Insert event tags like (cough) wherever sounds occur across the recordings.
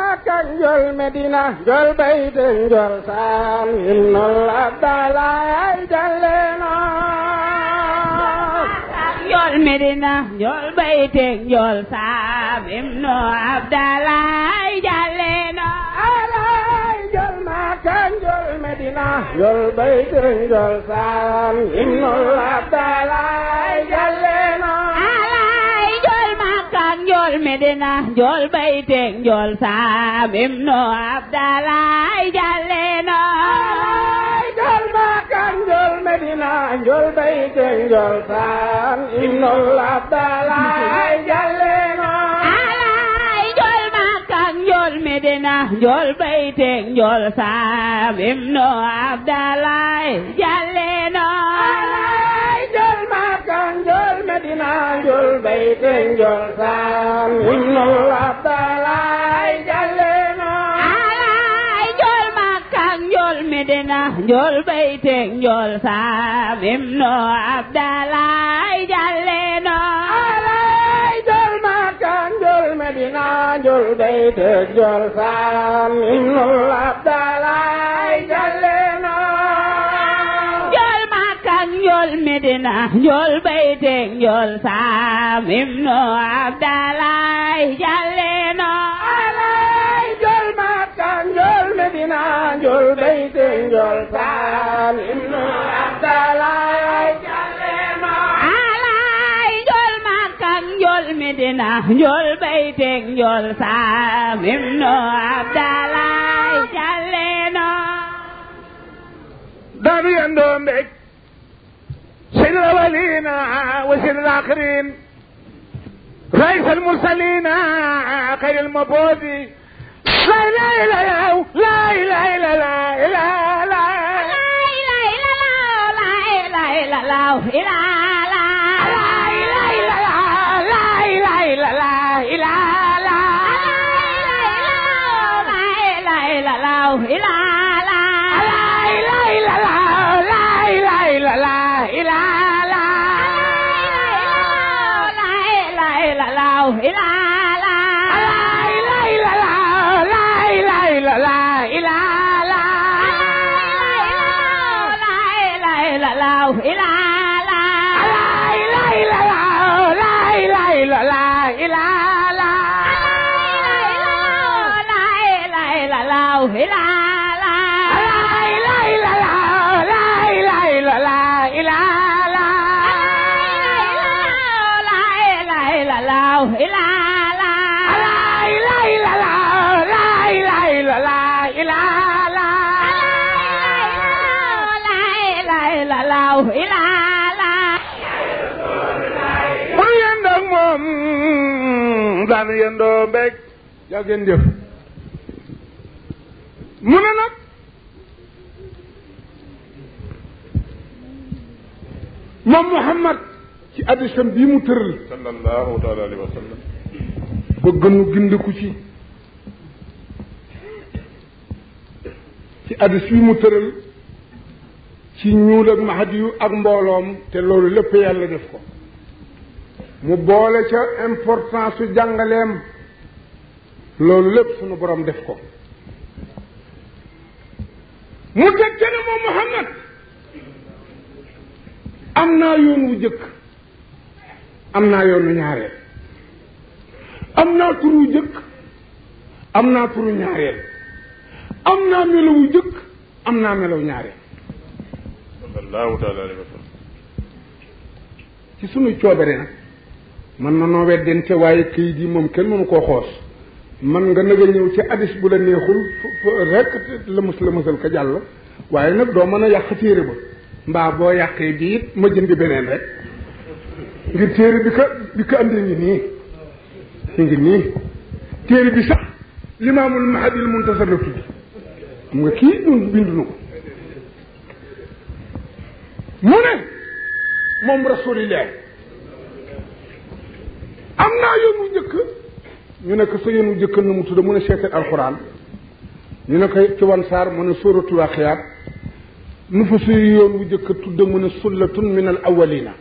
makka njol medina njol bayte njol ay jalleno njol njool medina njool bayteek njool saam ibnu abdalaay jalle noon njool maakan njool medina njool bayteek njool saam ibnu abdalaay jalle noon alaay njool maakan njool medina njool bayteek njool saam ibnu abdalaay jalle Medina Ndiol bayte Ndiol Sane inna allah taala ay jàlle na ay Ndiol Makka Ndiol Medina Ndiol bayte Ndiol Sane inna abdala ay jàlle na ay Ndiol Makka Ndiol Medina Ndiol bayte Ndiol Sane inna allah taala ay jàlle njool alaay njool makka njool medina njool bayteek njool saam ibnu abdalaay jàlleeno الأولين وزير الآخرين رئيس المرسلين خير المبودي لا إله إلا الله لا إله إلا الله لا إله إلا لا إله إلا لا إله إلا الله Yeah. la la la la la la la la la la la lao hủy la la Quý yên đồng mồm Đàn yên đồng bếch Giao kiên điều Muốn ăn lắm Mà Muhammad ci addisam bii mu tëral sallallahu taala alayhi bëgg nu gindiku ci ci addis bii mu tëral ci ñuul ak mahad ak mbooloom te loolu lépp yàlla def ko mu boole ca importance su jàngaleem loolu lépp sunu borom def ko mu teg ca ne moom Muhammad am naa yoon wu jëkk am naa yoonu ñaareel am naa turu jëkk am naa turu ñaareel am naa melowu jëkk am naa melow ñaareel sallallahu taala ci sunu coobare nag mën na noo weddente waaye këyit yi moom kenn mënu koo xoos man nga nag a ñëw ci addis bu la neexul rek la mës la mësal jàll waaye nag doo mën a yàq téere ba mbaa boo yàqee bi it ma jëndi beneen rek ngir téere bi ko bi ko andee ngi nii si ngi nii téere bi sax limaamul mahadil muntasar la tudd xam nga kii dund bind na ko mu ne moom rasulillah am naa yoonu njëkk ñu nekk sa yoonu njëkk na mu tudd mu ne seetal alquran ñu ne ko ci wan saar mu ne sóoratul axiyaat nu fa suy yoon wu njëkk tudd mu ne sullatun min al awalina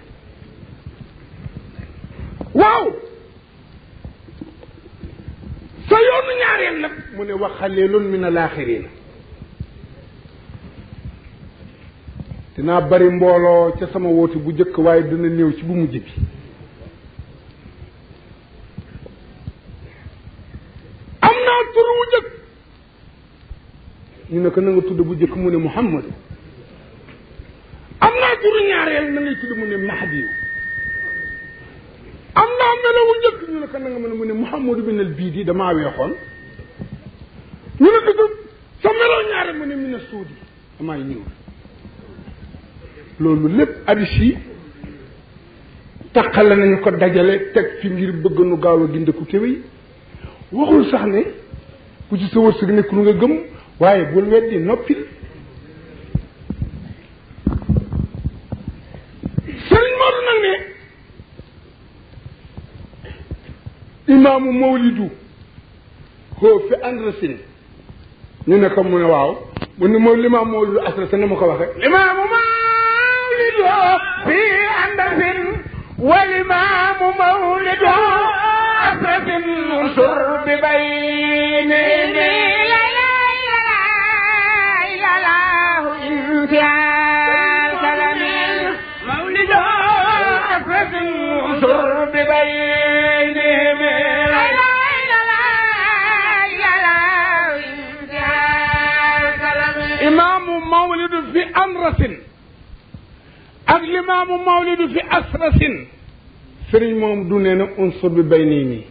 ne wa xalilun min al axirin dinaa bari mbolo ci sama woti bu jëkk way dina néew ci bu mujj bi amna turu tur wu jëkk ñu ne ko nga tudd bu jëkk mu ne muhammad amna turu ñaarel na ngay tudd mu ne mahdi amna amna melawu njëkk ñu ne ko nga mu ne muhammad bin al bidi dama wéxon ñu ne dugub sa meloo ñaare mu ne mi na suudi ñëw loolu lépp addis yi taqale nañu ko dajale teg fi ngir bëgg nu gaaw a gindeku kéwe yi waxul sax ne ku sa wërsëg nekk lu nga gëm waaye bul weddi noppil sëriñ Modou nag ne imaamu mawlidu hoo fi andresin ñu ne ko mu ne waaw mu ne mooy limaam moo lu asra te na ma ko waxe limaamu mawlido fi andasin wa limaamu mawlido asratin munsur bi bayni مولد أسرة ببيت amrasin ak limaamu mawlidu fi asrasin sëriñ moom du nee na unsur bi bay nii nii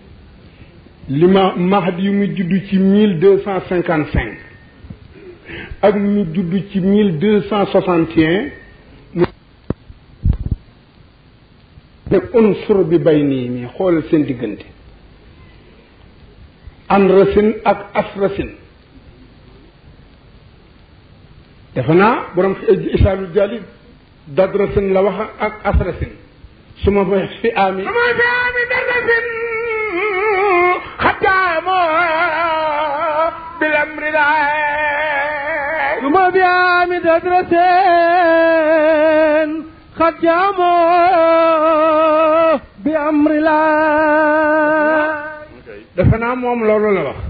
lima mahdi yu mu judd ci mille deux cent cinquante ak mu judd ci mille deux cent soixante ne unsur bi bay nii nii xoolal seen diggante amrasin ak asrasin defe naa borom isaalu jali dadrasin la waxa ak asrasin suma ma fi ami suma ma fi aami dadrasin xataamu bil amri la su fi aami dadrasin xataamu bi amri la defe mom moom la wax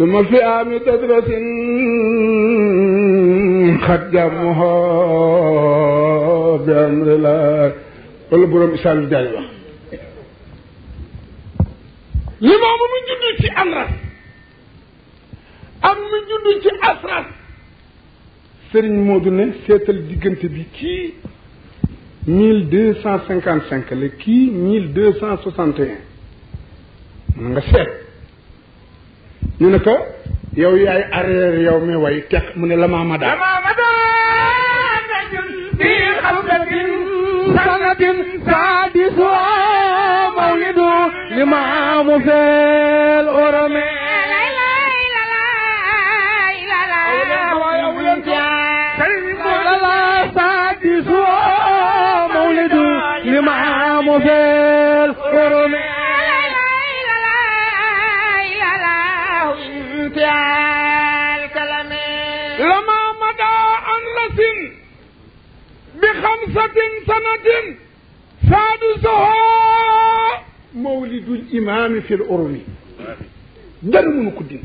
ثم في عام تدرة قد جمها بأمر الله wala borom isaani bi daal di wax limaamu mu judd ci amras am mu judd ci asras sëriñ Moodu ne seetal diggante bi kii cinquante cinq la kii mille deux mun nga seet ñu ne ko yow yaay arrière yow mi way teq mu ne lama mada limaamu feel orome sadis mawlidu limaamu feel سنة سنة سادسها مولد الإمام في الأرمي دار من كدين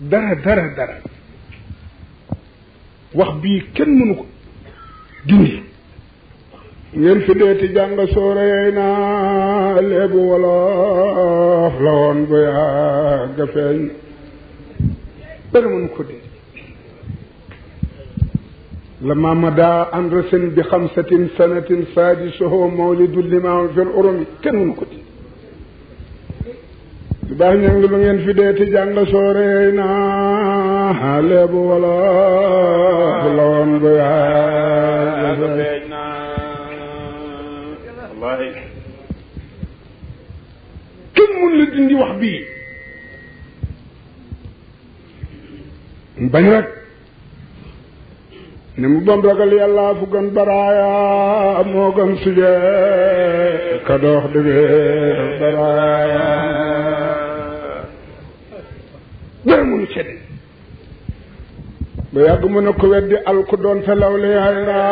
دار دار دار وخبي كن من دوني ين في ديت جانغ سورينا لب ولا فلون بيا كفين دار من كدين لما مدى أندرس بخمسة سنة سادسه مولد الإمام في الأرمي كن مكتي باه نانغلو نين في ديت جانغ سورينا حلب ولا بلون بيا الله كم من لدندي وحبي بنرك ni mu doon ragal yàlla fu gën baraaya moo gën suje ka doox dëgër baraaya dara mënu ci de ba yàgg mu ne ko weddi al ku doon felaw li hayra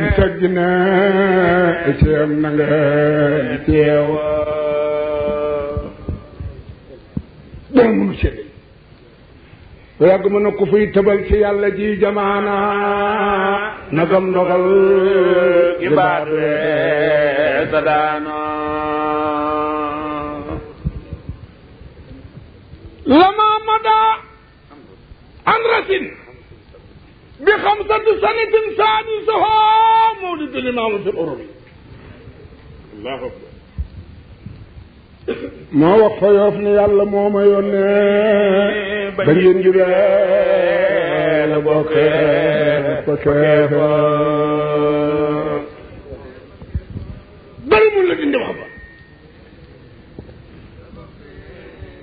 mu teggi ne teew na nga teew dara mënu ci de te yàgg mën na ko fuy tëbal ci yàlla ji jamaana nagam ndogal gi baat sa daana lama mada an rasin bi xamsatu sanatin saadisaha mawlidul imaamu fi l urumi allahu akbar moo wax fa yoof ne yàlla moo ma yónnee ba ngeen jubee la bokkee ko keefa bari mun la dindi wax ba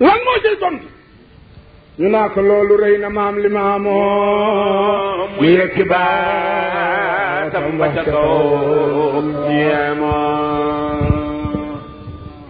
lan moo cay tontu ñu naa ko loolu rëy na maam li ma amoo mu yëkki baatam ba ca kaw ñu yemoo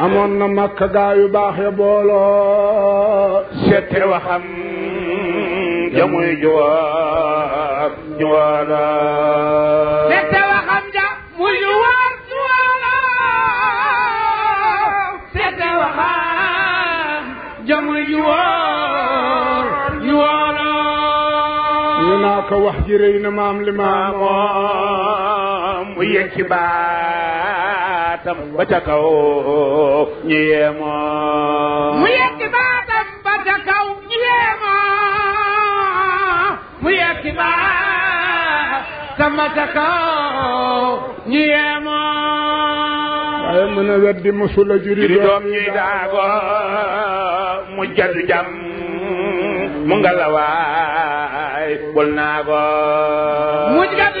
amoon na makka gaa yu baax ya booloo setti waxam jamuy juwaar juwaala setti waxam ja muy juwaar juwaala setti waxam jamuy juwaar juwaala ñu naa ko wax ji rëy na maam li maamoom mu yëg ci baax baatam ba ca kaw ñu yemoo mu yekki baatam ba ca kaw ñu yemoo mu yekki baatam ba ca kaw ñu yemoo waaye mën a weddi musula juri doom ñuy daago mu jadu jam mu ngalawaay bul naa ko mu jadu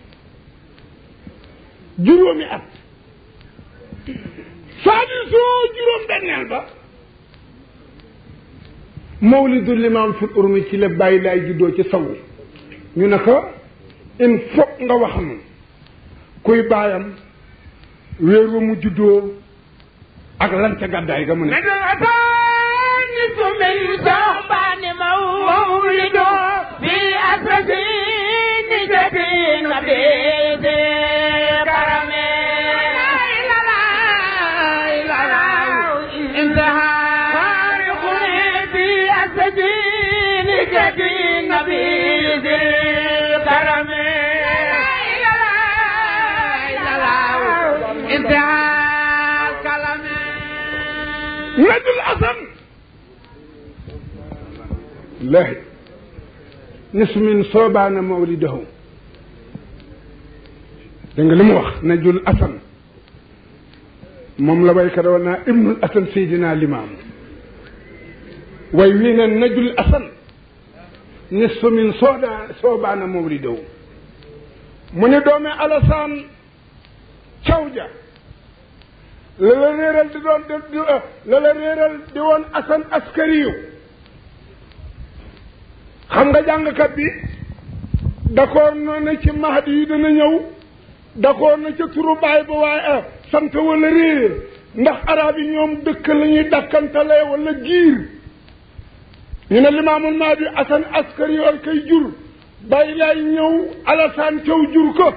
juróomi at saadisoo juróom benneel ba mawlidu limaam fil urmi ci la bàyyi laay juddoo ci saw ñu ne ko il nga wax nu kuy baayam weer wa mu juddoo ak lan gàddaay ga mu ne mawlidu bi asasi ni الولد الأصم له نسم صوبان مولده danga li mu wax na jul asan moom la waykat woon naa ibnul asan seydina limaam way wii ne najul asan nisfu min sooda soobaana mawlidahu mu ne doome alasaan cawja la la réeral di doon di eh, la réeral di woon asan askariyu xam nga jàngkat bi d'accord na ne ci mahdi yi dana ñëw d'accord na ca turu baay ba waaye eh, sant wala réer ndax arab yi ñoom dëkk lañuy ñuy dakkantalee wala giir ñu ne limaamul mahdi asan askariyu al kay jur bàyyi laay ñëw alasaan caw jur ko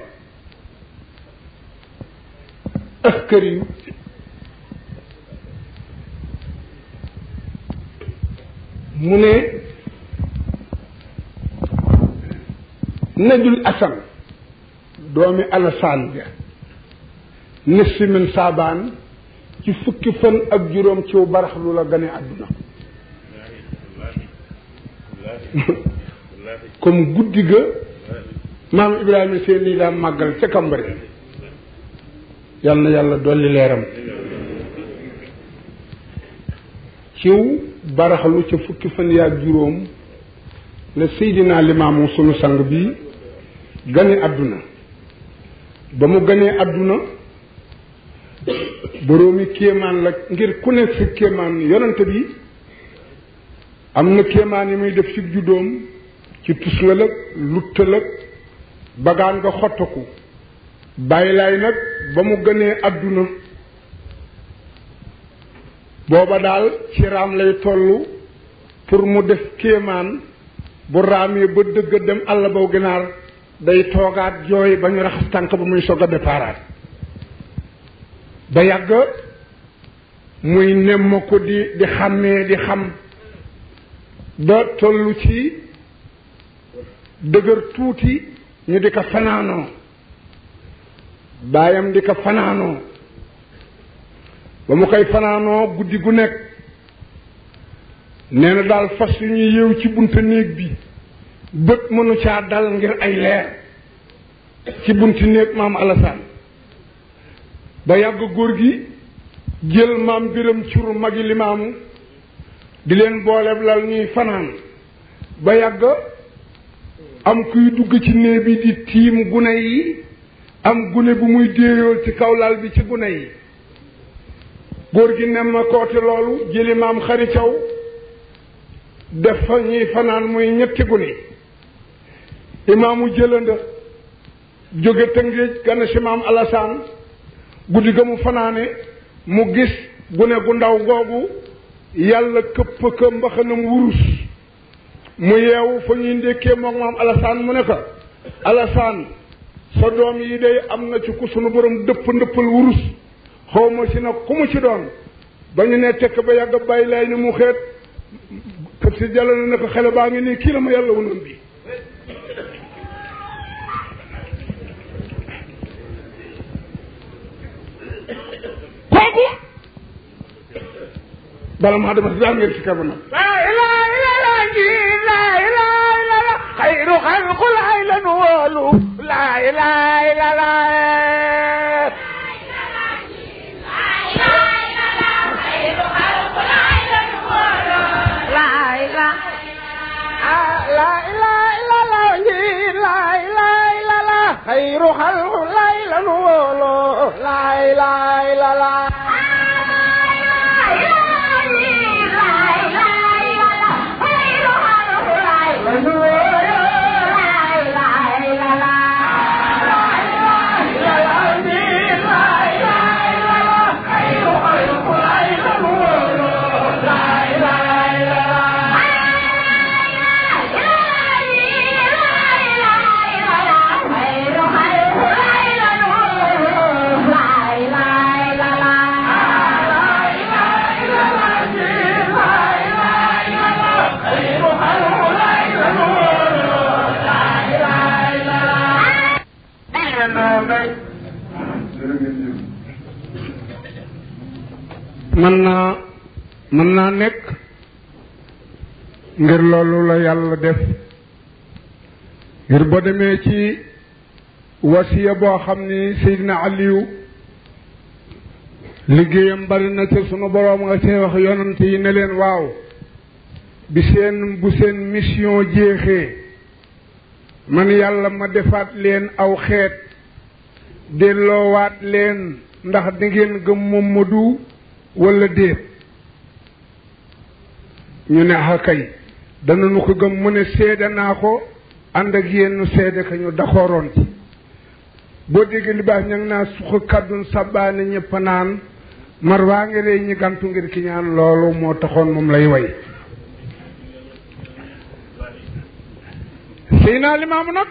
askariyu mu ne najul asan doomi alasaan ja nisfi saabaan ci fukki fan ak juróom ciw barax lu la gane àdduna comme guddi ga maam ibrahima seen lii daan màggal ca kambari yal na yàlla dolli leeram ciw baraxlu ca fukki fan yaag juróom la Seydina Limaamu sunu sang bi gane àdduna ba mu ganee àdduna boroomi kéemaan la ngir ku nekk si kéemaan yonent bi am na kéemaan yi muy def si juddoom ci tusngal ak luttal bagaan nga xottiku bàyyi laay nag ba mu ganee àdduna booba daal ci raam lay tollu pour mu def kéemaan bu raamee ba dëgg dem àll baw ginaar day toogaat jooy ba ñu raxas tànk ba muy soog a déparaat ba yàgg muy nemm ko di di xàmmee di xam ba tollu ci dëgër tuuti ñu di ko fanaanoo baayam di ko fanaanoo ba mu koy fanaanoo guddi gu nekk nee na daal fas yu ñuy yeew ci bunta néeg bi bët mënu caa dal ngir ay leer ci bunti néeg maam Alassane ba yàgg góor gi jël maam biram curu yi limaamu di leen booleb lal ñuy fanaan ba yàgg am kuy dugg ci néeg bi di tiim gune yi am gune bu muy déeyool ci kaw lal bi ci gune yi góor gi nem ma kooti loolu jëli maam xari caw def fa ñuy fanaan muy ñetti guni imaamu jëlënda jóge tëngéej gane maam alasaan guddi ga mu fanaane mu gis gune gu ndaw googu yàlla këpp ka mbaxanam wurus mu yeewu fa ñuy ndékkee moom maam alasaan mu ne ko alasaan sa yi day am na ci ku sunu borom dëpp ndëppal wurus xawma ma si nag ku mu ci doon ba ñu ne tekk ba yàgg bàyyi lay ni mu xeet kër si jàll na ko xele baa ngi nii kii la ma yàlla wunoon bi kooku bala maa dama daan ngeen si kaba nag خير خلق العيلة والو لا إله إلا الله man naa mën naa nekk ngir loolu la yàlla def ngir boo demee ci wasiya boo xam ni Seydina yiw liggéeyam bari na sunu boroom nga see wax yonante yi ne leen waaw bi seen bu seen mission jeexee man yàlla ma defaat leen aw xeet delloowaat leen ndax di ngeen gëm du wala déet ñu ne ah kay danañu ko gëm mu ne seede naa ko ànd ak yéen ñu seede ka ñu daxooroon ci boo déggee li baax naa suqa kàddun sàbbaane ñëpp naan mar waa ngi rey ñi gantu ngir ki loolu moo taxoon moom lay way sëy naa limaamu nag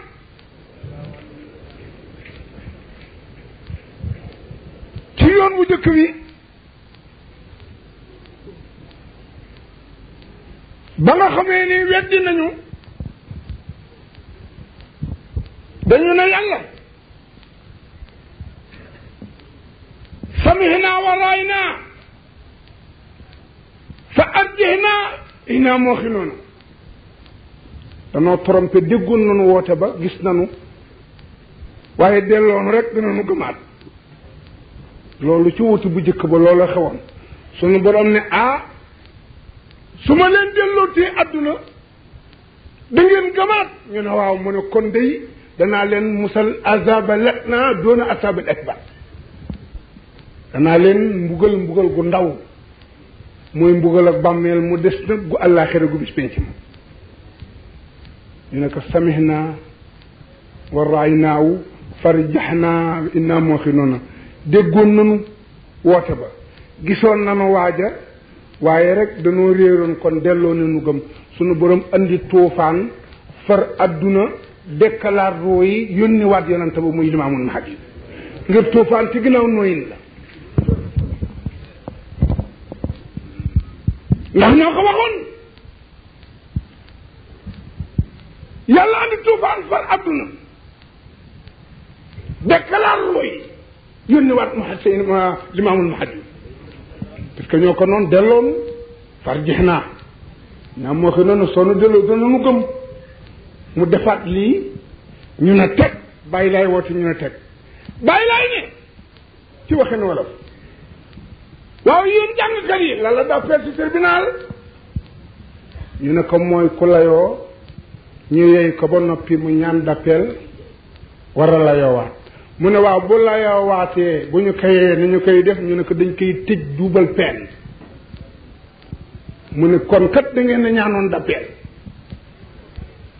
ci yoon wu jëkk wi ba nga xamee ni weddi nañu dañu ne yàlla samihna wa raayna fa arjihna inaa mooxinoona danoo trompé déggoon nañu woote ba gis nañu waaye delloonu rek dinañu gëmaat loolu ci wuti bu jëkk ba loolu xewoon sunu borom ne ah su ma leen dellootee adduna da ngeen gamaat ñu ne waaw mu ne kon day danaa leen musal azaba naa doona asabil akbar danaa leen mbugal mbugal gu ndaw mooy mbugal ak bàmmeel mu des nag gu àllaaxira gu bis penc ma ñu ne ko samih naa wa raay naaw farijax naa innaa mooxi noona déggoon nanu woote ba gisoon nanu waaja waaye rek dañoo réeroon kon delloo na nu gëm sunu borom andi tuufaan far adduna dekkalaat roo yi yónni waat yonante ba muy limaamul mahdi ngir tuufaan ci ginnaaw nooyin la ndax ñoo ko waxoon yàlla andi tuufaan far adduna dekkalaat roo yi yónni waat mahdi limaamul mahdi que ñoo ko noonu delloon farjix naa naa moo ko noonu soo delloo doon nu gëm mu defaat lii ñu ne teg bàyyi laay woote ñu ne teg bàyyi laay ci waxin wolof waaw yéen jàngkat yi la la daa feer ci ñu ne ko mooy ku layoo ñu yey ko ba noppi mu ñaan d'appel war a layoowaat mu ne waaw bu layoo waatee bu ñu kayee ni ñu koy def ñu ne ko dañ koy tëj duubal peen mu ne kon kat da ngeen na ñaanoon da peen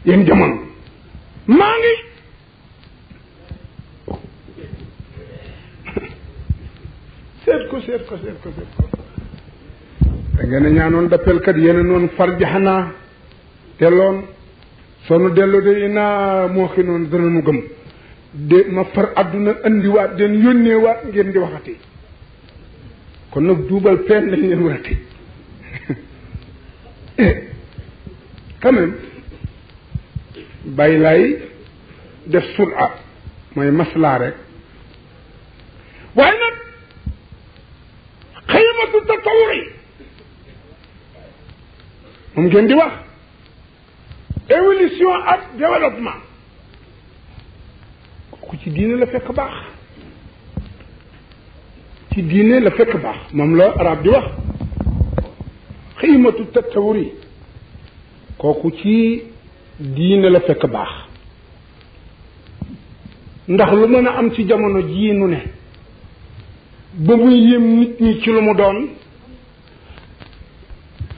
yéen jamono maa ngi seet ko seet ko seet ko seet ko da kat yéena noon farjaxanaa te loon sonu dellu de inaa moo xi noon danañu gëm de ma far àdduna andiwaat den yónneewaat ngeen di waxati kon nag duubal peen lañ leen war a tëj quand même bàyyi laay def sulha mooy maslaa rek waaye nag xaymatu tatawuri moom ngeen di wax évolution ak développement ci diine la fekk baax ci diine la fekk baax moom la arab di wax xiimatu tattawuri kooku ci diine la fekk baax ndax lu mën a am ci jamono jii nu ne ba muy yéem nit ñi ci lu mu doon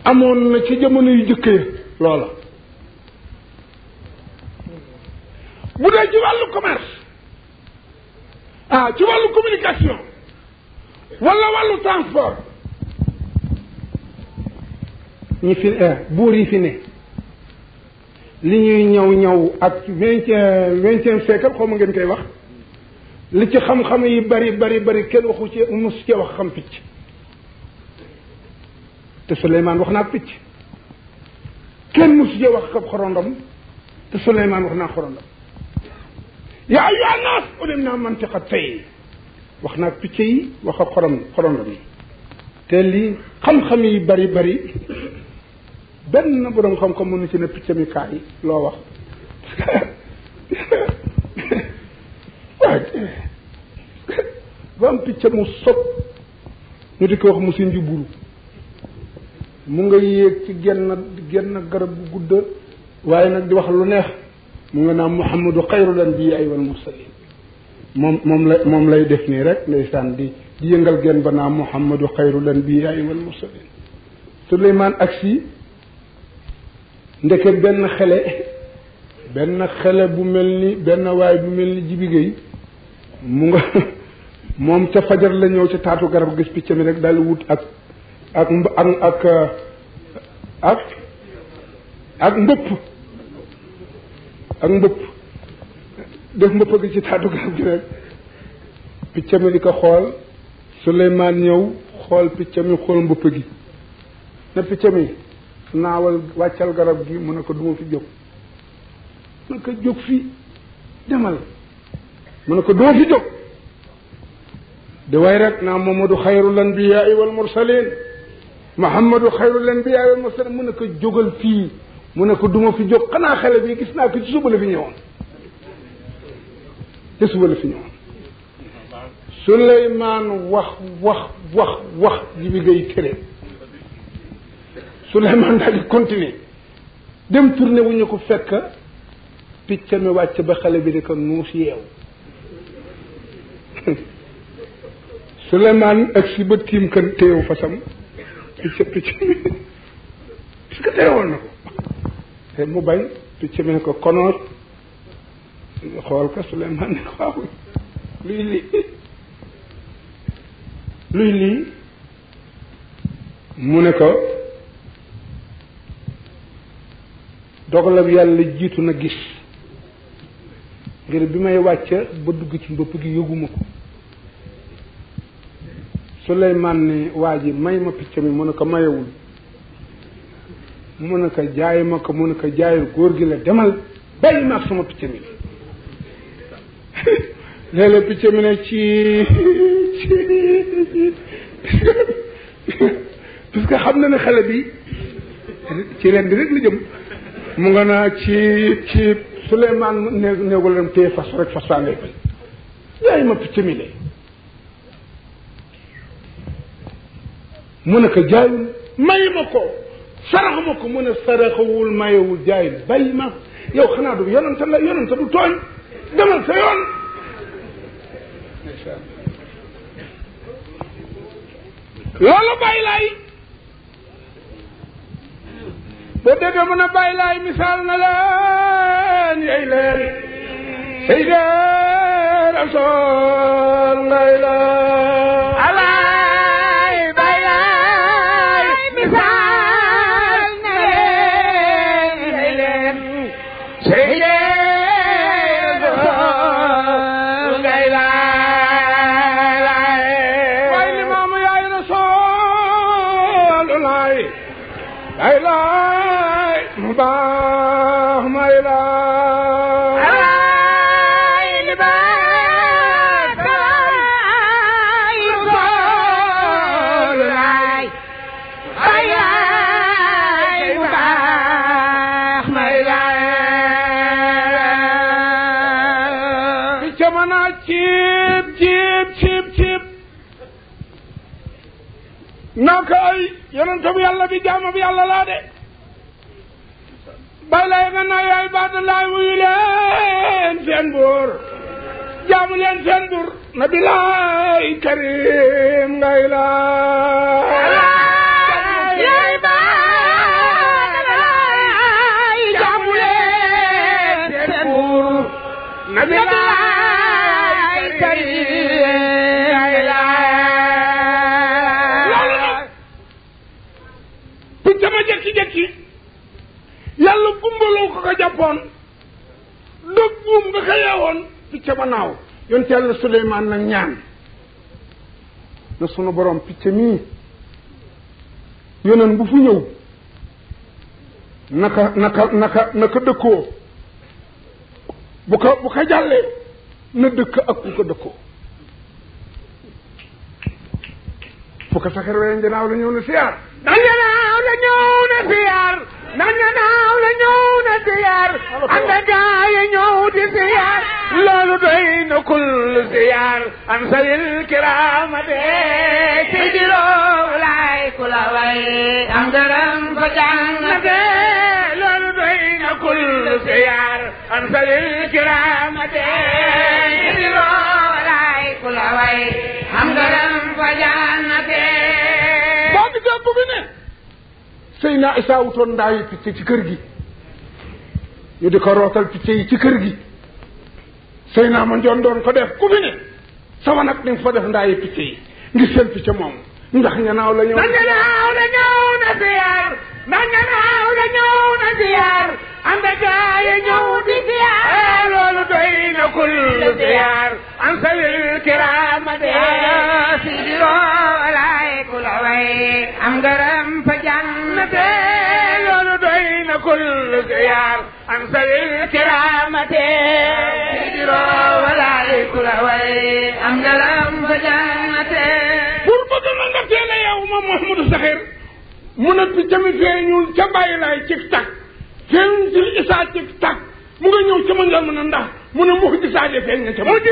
amoon na ci jamono yu jëkk ya loola bu dee ci wàllu commerce ah ci wàllu communication wala wàllu transport ñi fi eh, buur yi fi ne li ñuy ñaw ñëw ak vingtième vingtième siècle xaw ma ngeen koy wax li ci xam-xam yi bari bari bari kenn waxu ci mosu cee wax xam picc te Souleymane wax naa picc kenn mosu cee wax xam xorondom te Souleymane wax naa xorondom yaa ayyuha naas ulim naa mantiqa tey wax naag picc yi wax ak xorom xorom te lii xam-xam yi bari bari benn borom xam-xam mënu ci ne picc mi kaay loo wax ba am picc mu sob ñu di wax mu si njuburu mu nga yéeg ci genn genn garab bu gudd waaye nag di wax lu neex mu nga naam muhammadu xayrul anbiyaai wal mursalin moom moom la moom lay def nii rek ndeysaan di di yëngal gen ba naam muhammadu xayrul anbiyaai wal mursalin suleymaan aksi ndeke benn xele benn xele bu mel ni benn waay bu mel ni jibigéey mu nga (laughs) moom ca fajar la ñëw ca taatu garab gis picc mi rek daal wut ak ak ak ak ak ak mbëpp ak mbëpp def mbëpp gi ci taatu garab gi rek picc mi di ko xool Suleymaan ñëw xool picc mi xool mbëpp gi ne picc mi naawal wàccal garab gi mu ne ko duma fi jóg mu ne ko jóg fi demal mu ne ko duma fi jóg di way rek naa Muhammadu xayrul anbiyaai wal mursalin Muhammadu xayrul anbiyaai wal mursalin mu ne ko jógal fii mu ne ko duma fi jóg xanaa xale bi gis naa ko ci suba la fi ñëwoon ci suba la fi ñëwoon suleymaan wax wax wax wax ji bi ngay tëre suleymaan daal di continuer dem tourné wu ñu ko fekk picc mi wàcc ba xale bi di ko nuus yeew suleymaan ak si ba tiim kan téew fasam picc picc mi est ce que téewoon na ko te mu bañ picc mi ne ko konoot xool ko Suleymaan ne ko waaw luy lii luy lii mu ne ko dogalab yàlla jiitu na gis ngir bi may wàcc ba dugg ci mbëpp gi yëguma ko Suleymaan ne waa ji may ma picc mi mu ne ko mayewul mu ne ko jaay ma ko mu ne ko jaayul góor gi la demal bàyyi ma ak picc mi léeg-léeg picc mi ne ci ci parce xam na ne xale bi ci ren di nga naa ci ci Souleymane ne neegu la dem téye fas rek ma picc mi de mu ne ko jaayul may ma ko saraxuma ko mu ne saraxawul mayewul jaay bay ma yow xanaa du yonante la yonante du tooñ demal sa yoon loolu bàyyi laay boo déggee mu ne bàyyi laay misaal na leen ay leer say leer asoor ngay la ala life, my life. yonentam yàlla bay lay nga naa yaay baat na laay leen seen buur jaamu leen seen buur na bilaay karim ngay laa jékki-jékki yàlla gumbaloo ko ko jàppoon dog buum nga yeewoon picc ba naaw yonte Suleymaan nag ñaan na sunu borom picc mii yoneen bu fu ñëw naka naka naka naka dëkkoo bu ko bu na dëkk ak ku dëkkoo fu ko saxir ween la ñëw na siyaar daan na ziyaar na nga naaw la ñëw na ziyaar anda gaaya ñëw di ziyaar loolu doy na kul ziyaar an salil kiraamate ci jiroo lay ku la way am garam fa jàngate loolu doy na kul ziyaar an salil kiraamate ci jiroo lay ku la way am garam fa jàngate sëy naa isaa wutoon ndaayu picc ci kër gi ñu di ko rootal picc yi ci kër gi sëy naa ma njoon doon ko def ku fi ne sama nag di foo fa def ndaayu picc yi ngir seen picc moom ndax ñanaaw lañu ñëw. la ñëw na si yar. ndax nga naaw da ñëw na ziyaar ànd ak gaay ñëw di ziyaar eh, loolu doy na kul ziyaar an sawil kiraamate si diroo laay ku la way am ngaram fa jannate loolu doy na kul ziyaar an sawil kiraamate si diroo laay ku la way am ngaram fa jannate pour bëgg na nga teel a yow moom Mouhamadou Sakhir mu noppi tamit feeñul ca bàyyi laay cig tag feeñul ci isaa cig tag mu nga ñëw ca mën la mën a ndax mu ne mu feeñ na ca moom mu gisaade feeñ na ca moom mu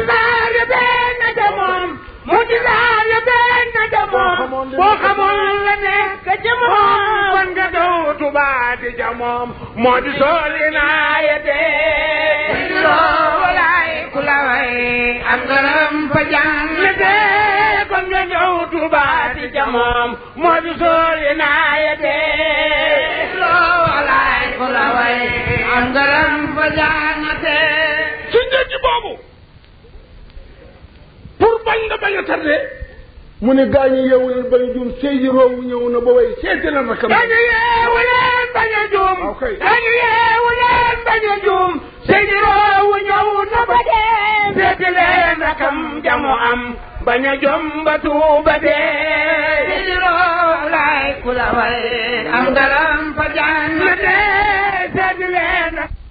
gisaade feeñ na ca moom boo xamoon la nekk ca moom kon nga dootu baati ca moom moo way ak ngaram fa jàmmete kon nga ñëw tubaati ca moom moo di sooli naayete loo walaay ku la way ak ngaram fa jàmmete suñ dëj boobu pour bañ nga bañ a tardé mu ne gaañu yeewu leen bañ a juum Seydi Roowu ñëw na ba way seeti na rakam. gaañu yeewu leen bañ a juum. waaw kay gaañu yeewu leen bañ a juum. Seydi Roowu ñëw na ba dee. seeti leen rakam jamu am. bañ a jom ba tuuba dee. Seydi Roowu laay ku la way. am garam fa jaan na dee. seeti leen.